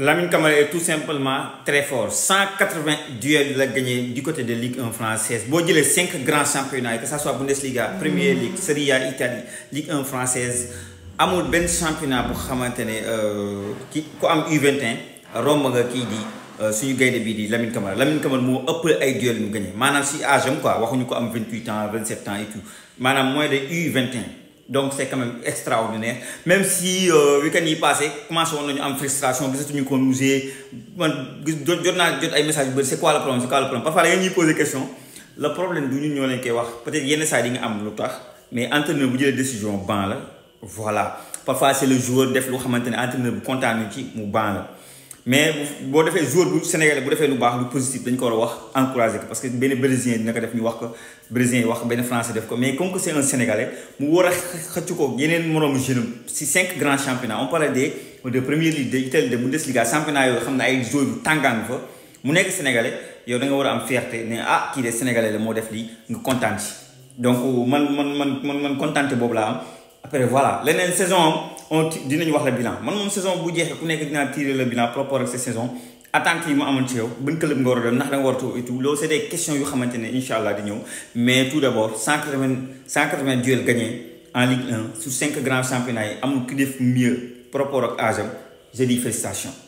Lamine Kamara est tout simplement très fort 180 duels gagnés gagné du côté de Ligue 1 française boo les 5 grands championnats que ce soit Bundesliga Premier League Serie A Italie Ligue 1 française Il Ben championnat bu championnat, qui est U21 Rome, qui dit, di euh, suñu gagnez, bii di Lamine Camara Lamine Camara a un ay duels mu gagné Maintenant, si âge je quoi ko am 28 ans 27 ans et tout Maintenant, moins de U21 donc c'est quand même extraordinaire même si euh, week-end est passé commencé woon nañu frustration vous êtes nous comme musée jot naa on a message yu c'est quoi le problème c'est quoi le problème parfois da ngeen pose des questions, le problème du nous ñoo leen koy wax peut-être yenn saa a nga am lu tax mais entraîneur bu jëlee décision ban là voilà parfois c'est le joueur def lu xamante ne entraîneur bu kontaanu ci mu ban là mais boo defee joueur bu Sénégalais bu defee lu baax lu positif dañ ko war a wax encourager parce que ben brésilien dina ko def ñu wax ko brésilien yi wax benn français def ko mais comme que c'est un sénégalais mu war a xëcc ko yeneen moroomu jeune si cinq grands championnats on parle des de première ligue de Italie de Bundesliga championnat yoo xam ne ay joueurs yu tàngaan fa mu nekk sénégalais yow da nga war a am fierté mais ah kii de sénégalais la moo def lii nga content donc man man man man man kontaante boobu après voilà l'année saison on dinañ wax la bilan man moom saison bu jeexee ku nekk dinaa tiré le bilan propre rapport ak sa saison attentes yi mu amoon ci yow ban club nga war a dem ndax da nga war a et tout loolu c'est des questions yu xamante ne incha allah di ñëw mais tout d'abord cent quatre-vingts cent quatre duels gagnés en Ligue 1 sur cinq grands championnats yi amul ku def mieux propre rapport ak je dis félicitations.